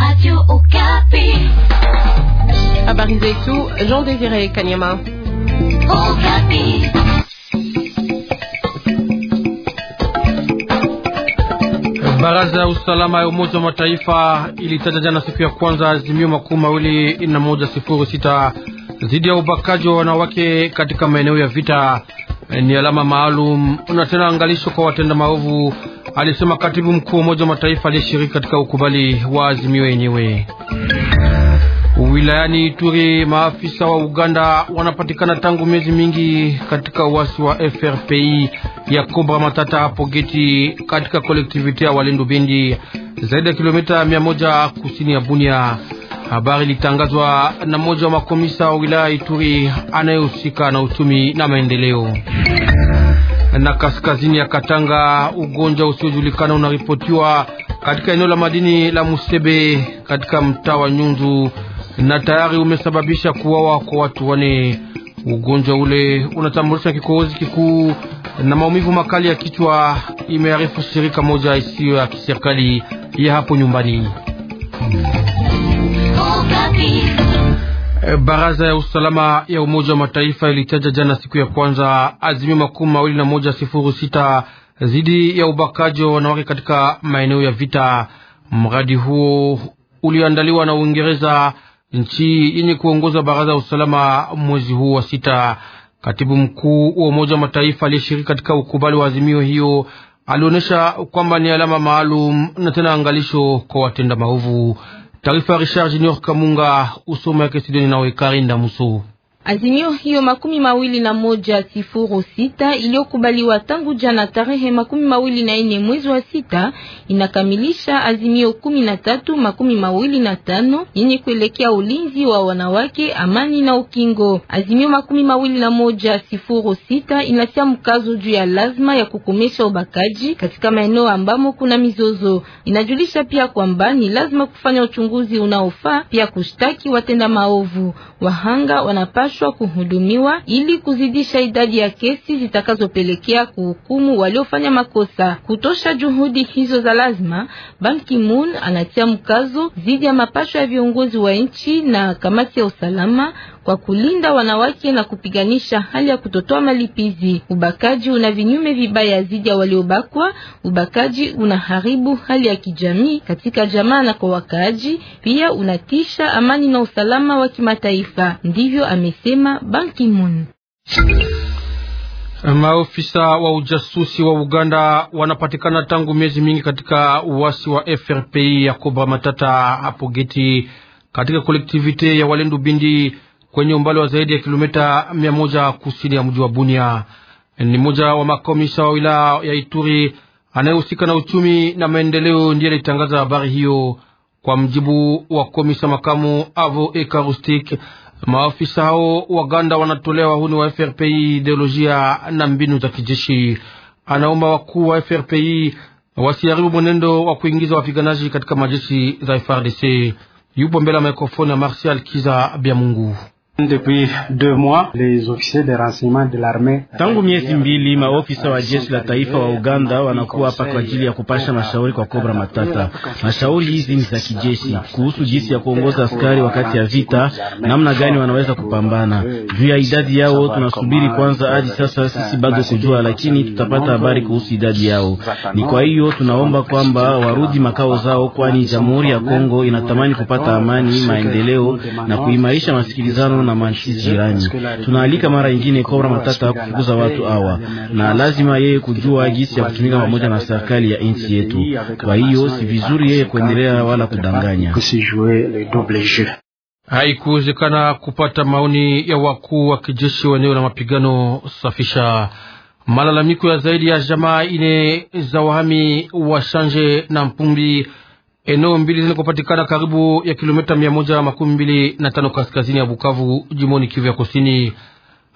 Radio Okapi. Habari zetu, Jean Désiré Kanyama. Okapi. Baraza ya usalama ya Umoja wa Mataifa ilitaja jana siku ya kwanza azimio makumi mawili na moja sifuri sita dhidi ya ubakaji wa wanawake katika maeneo ya vita. Ni alama maalum na tena angalisho kwa watenda maovu alisema katibu mkuu wa Umoja wa Mataifa aliyeshiriki katika ukubali wa azimio yenyewe. Wilayani Ituri, maafisa wa Uganda wanapatikana tangu miezi mingi katika uasi wa FRPI ya Kobra Matata hapo Geti katika kolektivite ya Walendu Bendi, zaidi ya kilomita mia moja kusini ya Bunia. Habari ilitangazwa na mmoja wa makomisa wa wilaya Ituri anayehusika na uchumi na maendeleo na kaskazini ya Katanga. Ugonjwa usiojulikana unaripotiwa katika eneo la madini la Musebe katika mtaa wa Nyunzu na tayari umesababisha kuwawa kwa watu wane. Ugonjwa ule unatambulisha kikohozi kikuu na maumivu makali ya kichwa, imearifu shirika moja isiyo ya kiserikali ya hapo nyumbani. Oh, Eh, baraza ya usalama ya Umoja wa Mataifa ilitaja jana siku ya kwanza azimio makumi mawili na moja sifuru sita dhidi ya ubakaji wa wanawake katika maeneo ya vita. Mradi huo uliandaliwa na Uingereza, nchi yenye kuongoza baraza ya usalama mwezi huu wa sita. Katibu mkuu wa Umoja wa Mataifa aliyeshiriki katika ukubali wa azimio hiyo alionyesha kwamba ni alama maalum na tena angalisho kwa watenda maovu. Taarifa ya Richard Junior Kamunga, usome yake studioni nawe Karinda Musu. Azimio hiyo makumi mawili na moja sifuru sita iliyokubaliwa tangu jana tarehe makumi mawili na ine mwezi wa sita inakamilisha azimio kumi na tatu makumi mawili na tano yenye kuelekea ulinzi wa wanawake, amani na ukingo. Azimio makumi mawili na moja sifuru sita inatia mkazo juu ya lazima ya kukomesha ubakaji katika maeneo ambamo kuna mizozo. Inajulisha pia kwamba ni lazima kufanya uchunguzi unaofaa, pia kushtaki watenda maovu. Wahanga wanapaswa wanapashwa kuhudumiwa ili kuzidisha idadi ya kesi zitakazopelekea kuhukumu waliofanya makosa. Kutosha juhudi hizo za lazima, Ban Ki-moon anatia mkazo dhidi ya mapashwa ya viongozi wa nchi na kamati ya usalama kwa kulinda wanawake na kupiganisha hali ya kutotoa malipizi. Ubakaji una vinyume vibaya zidi ya waliobakwa. Ubakaji unaharibu hali ya kijamii katika jamaa na kwa wakaaji, pia unatisha amani na usalama wa kimataifa. Ndivyo amesema Ban Ki-moon. Maofisa wa ujasusi wa Uganda wanapatikana tangu miezi mingi katika uasi wa FRPI ya Kobra Matata hapo Geti katika kolektivite ya Walendu Bindi kwenye umbali wa zaidi ya kilomita mia moja kusini ya mji wa Bunia. Ni mmoja wa makomisa wa wilaya ya Ituri anayehusika na uchumi na maendeleo ndiye alitangaza habari hiyo. Kwa mjibu wa komisa makamu Avo Ekarustik, maafisa hao Waganda wanatolea wahuni wa FRPI ideolojia na mbinu za kijeshi. Anaomba wakuu wa FRPI wasiharibu mwenendo wa kuingiza wapiganaji katika majeshi za FRDC. Yupo mbele ya mikrofoni ya Martial Kiza Bya Mungu. Depuis deux mois, les officiers de renseignement de l'armée. Tangu miezi mbili maofisa wa jeshi la taifa wa Uganda wanakuwa hapa kwa ajili ya kupasha mashauri kwa Cobra Matata. Mashauri hizi ni za kijeshi kuhusu jinsi ya kuongoza askari wakati ya vita, namna gani wanaweza kupambana. Juu ya idadi yao tunasubiri kwanza, hadi sasa sisi bado kujua, lakini tutapata habari kuhusu idadi yao. Ni kwa hiyo tunaomba kwamba warudi makao zao, kwani Jamhuri ya Kongo inatamani kupata amani, maendeleo na kuimarisha masikilizano na manchi jirani. Tunaalika mara ingine Kobra Matata kufukuza watu awa na lazima yeye kujua gisi ya kutumika pamoja na serikali ya nchi yetu. Kwa hiyo si vizuri yeye kuendelea wala kudanganya. Haikuwezekana kupata maoni ya wakuu wa kijeshi wa eneo la mapigano safisha. Malalamiko ya zaidi ya jamaa ine za wahami wa Shanje na Mpumbi eneo mbili zenye kupatikana karibu ya kilomita mia moja makumi mbili na tano kaskazini ya Bukavu, jimoni Kivu ya Kusini.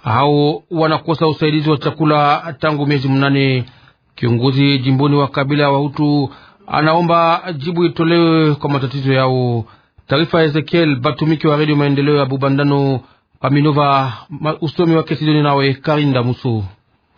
Hao wanakosa usaidizi wa chakula tangu miezi mnane. Kiongozi jimboni wa kabila Wahutu anaomba jibu itolewe kwa matatizo yao. Taarifa ya Ezekiel Batumiki wa Redio Maendeleo ya Bubandano Paminova, usomi wake Sidoni nawe Karinda Musu.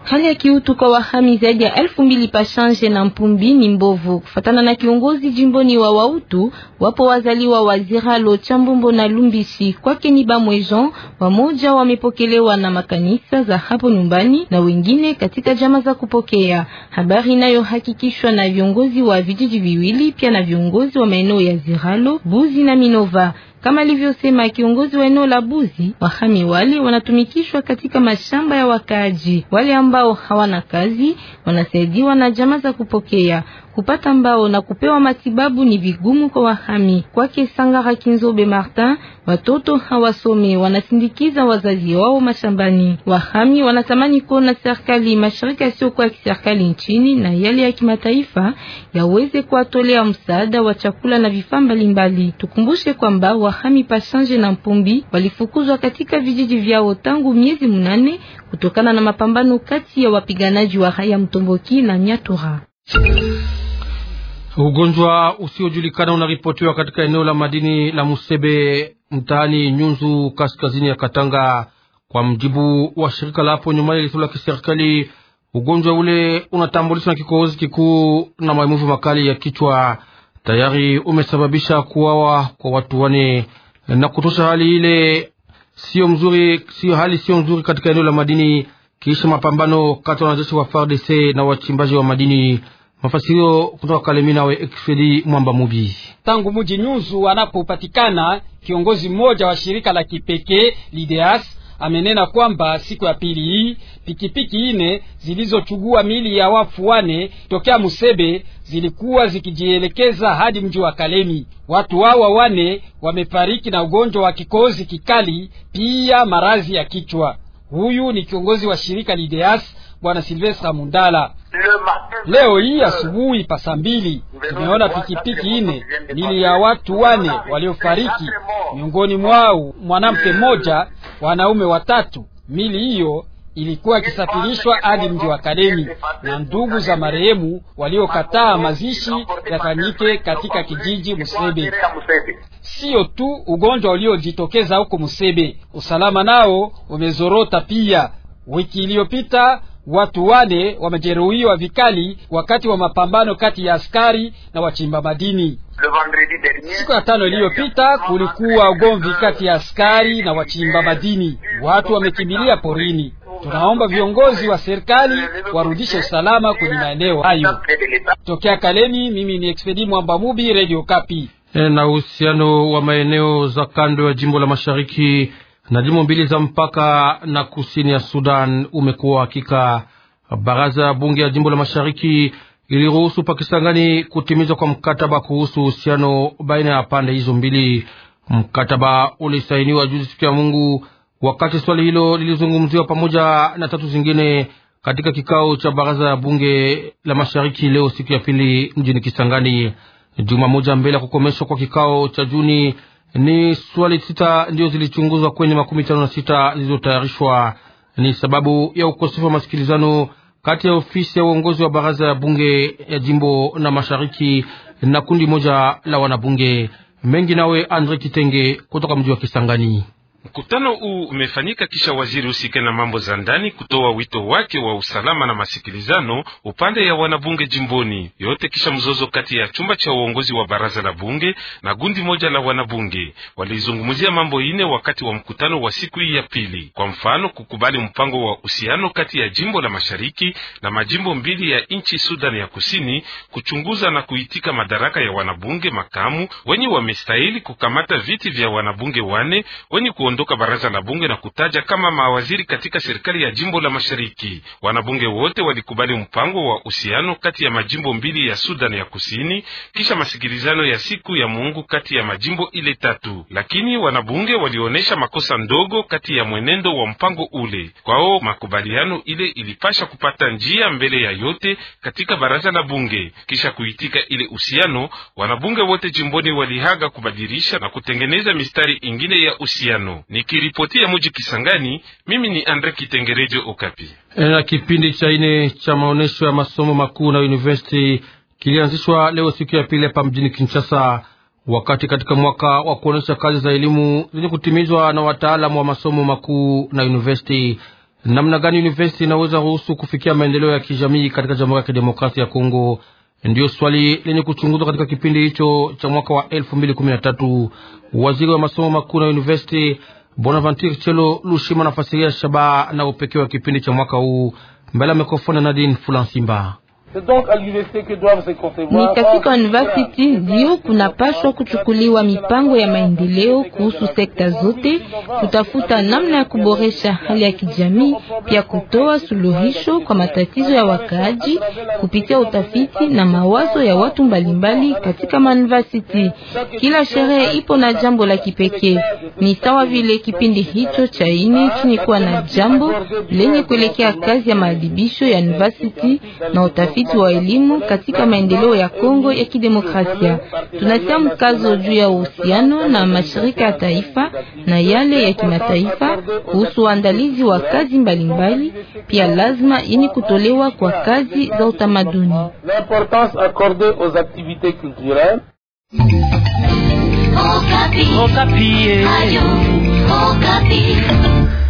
Hali ya kiutu kwa wahami zaidi ya elfu mbili Pashanje na Mpumbi ni mbovu. Kufatana na kiongozi jimboni wa wautu, wapo wazaliwa wa Ziralo, Chambombo na Lumbishi. Kwake ni Bamwejon, wamoja wamepokelewa na makanisa za hapo nyumbani na wengine katika jama za kupokea. Habari hakikishwa na viongozi wa vijiji viwili pia na viongozi wa maeneo ya Ziralo, Buzi na Minova. Kama alivyosema kiongozi wa eneo la Buzi, wahami wale wanatumikishwa katika mashamba ya wakaaji. Wale ambao hawana kazi wanasaidiwa na jamaa za kupokea kupata mbao na kupewa matibabu ni vigumu kwa wahami. Kwake Sangara Kinzobe Martin, watoto hawasome, wanasindikiza wazazi wao mashambani. Wahami wanatamani kuona serikali, mashirika sio kwa kiserikali nchini na yale ya kimataifa yaweze kuwatolea msaada wa chakula na vifaa mbalimbali. Tukumbushe kwamba wahami Pashanje na mpumbi walifukuzwa katika vijiji vyao tangu miezi munane kutokana na mapambano kati ya wapiganaji wa Haya Mtomboki na Nyatura. Ugonjwa usiojulikana unaripotiwa katika eneo la madini la Musebe mtaani Nyunzu kaskazini ya Katanga. Kwa mjibu wa shirika la hapo nyumbani lisilo la kiserikali, ugonjwa ule unatambulishwa na kikohozi kikuu na maumivu makali ya kichwa. Tayari umesababisha kuwawa kwa watu wane na kutosha. Hali ile sio mzuri, sio hali sio nzuri katika eneo la madini kisha mapambano kati ya wanajeshi wa FARDC na wachimbaji wa madini. Mafasirio kutoka Kalemina we Ekfeli Mwamba Mubi. Tangu muji Nyunzu anapopatikana kiongozi mmoja wa shirika la kipekee Lideas amenena kwamba siku ya pili hii pikipiki ine zilizochugua mili ya wafu wane tokea Musebe zilikuwa zikijielekeza hadi mji wa Kalemi. Watu hawa wane wamefariki na ugonjwa wa kikozi kikali, pia maradhi ya kichwa. Huyu ni kiongozi wa shirika Lideas, Bwana Silvestre Mundala. Leo hii asubuhi pasa mbili tumeona pikipiki ine mili ya watu wane waliofariki, miongoni mwao mwanamke mmoja, wanaume watatu. Mili hiyo ilikuwa ikisafirishwa hadi mji wa Kalemi na ndugu za marehemu waliokataa mazishi yafanyike katika kijiji Musebe. Sio tu ugonjwa uliojitokeza huko Musebe, usalama nao umezorota pia. Wiki iliyopita watu wale wamejeruhiwa vikali wakati wa mapambano kati ya askari na wachimba madini. Siku ya tano iliyopita kulikuwa ugomvi kati ya askari na wachimba madini, watu wamekimbilia porini. Tunaomba viongozi wa serikali warudishe usalama kwenye maeneo hayo. Tokea Kalemi, mimi ni Expedi Mwamba Mubi, Radio Kapi. E, na uhusiano wa maeneo za kando ya jimbo la mashariki na jimbo mbili za mpaka na kusini ya Sudan umekuwa hakika. Baraza ya bunge ya jimbo la mashariki iliruhusu Pakistangani kutimizwa kwa mkataba kuhusu uhusiano baina ya pande hizo mbili. Mkataba ulisainiwa juzi siku ya Mungu, wakati swali hilo lilizungumziwa pamoja na tatu zingine katika kikao cha baraza ya bunge la mashariki leo siku ya pili mjini Kisangani, juma moja mbele ya kukomeshwa kwa kikao cha Juni ni swali sita ndiyo zilichunguzwa kwenye makumi tano na sita zilizotayarishwa. Ni sababu ya ukosefu wa masikilizano kati ya ofisi ya uongozi wa baraza ya bunge ya jimbo na mashariki na kundi moja la wanabunge mengi. Nawe Andre Kitenge kutoka mji wa Kisangani. Mkutano huu umefanyika kisha waziri husika na mambo za ndani kutoa wito wake wa usalama na masikilizano upande ya wanabunge jimboni yote, kisha mzozo kati ya chumba cha uongozi wa baraza la bunge na gundi moja la wanabunge. Walizungumzia mambo ine wakati wa mkutano wa siku hii ya pili, kwa mfano kukubali mpango wa uhusiano kati ya jimbo la mashariki na majimbo mbili ya nchi Sudani ya kusini, kuchunguza na kuitika madaraka ya wanabunge makamu wenye wamestahili kukamata viti vya wanabunge wane wenye kuondoka baraza la bunge na kutaja kama mawaziri katika serikali ya jimbo la mashariki. Wanabunge wote walikubali mpango wa uhusiano kati ya majimbo mbili ya Sudan ya kusini kisha masikilizano ya siku ya Mungu kati ya majimbo ile tatu, lakini wanabunge walionyesha makosa ndogo kati ya mwenendo wa mpango ule. Kwao makubaliano ile ilipasha kupata njia mbele ya yote katika baraza la bunge. Kisha kuitika ile uhusiano, wanabunge wote jimboni walihaga kubadilisha na kutengeneza mistari ingine ya uhusiano. Nikiripotia muji Kisangani, mimi ni Andre Kitengerejo, Okapi. Na kipindi cha ine cha maonyesho ya masomo makuu na university kilianzishwa leo siku ya pili hapa mjini Kinshasa, wakati katika mwaka wa kuonyesha kazi za elimu zenye kutimizwa na wataalamu wa masomo makuu na university. Namna gani university inaweza ruhusu kufikia maendeleo ya kijamii katika Jamhuri ya Kidemokrasia ya Kongo? Ndiyo swali lenye kuchunguzwa katika kipindi hicho cha mwaka wa tatu. Waziri wa masomo makuu na university Bonaventure Chelo Lushima anafasiria shabaha na upekee wa kipindi cha mwaka huu mbele ya mikrofoni Nadine Fulansimba. Ni katika university ndio kunapaswa kuchukuliwa mipango ya maendeleo kuhusu sekta zote, kutafuta namna ya kuboresha hali ya kijamii, pia kutoa suluhisho kwa matatizo ya wakaaji kupitia utafiti na mawazo ya watu mbalimbali katika mauniversity. Kila sherehe ipo na jambo la kipekee, ni sawa vile kipindi hicho cha ine kuwa na jambo lenye kuelekea kazi ya maadhibisho ya university na utafiti utafiti wa elimu katika maendeleo ya Kongo ya Kidemokrasia. Tunatia mkazo juu ya uhusiano na mashirika ya taifa na yale ya kimataifa kuhusu uandalizi wa kazi mbalimbali mbali, pia lazima yenye kutolewa kwa kazi za utamaduni. Okapi. Okapi. Eh.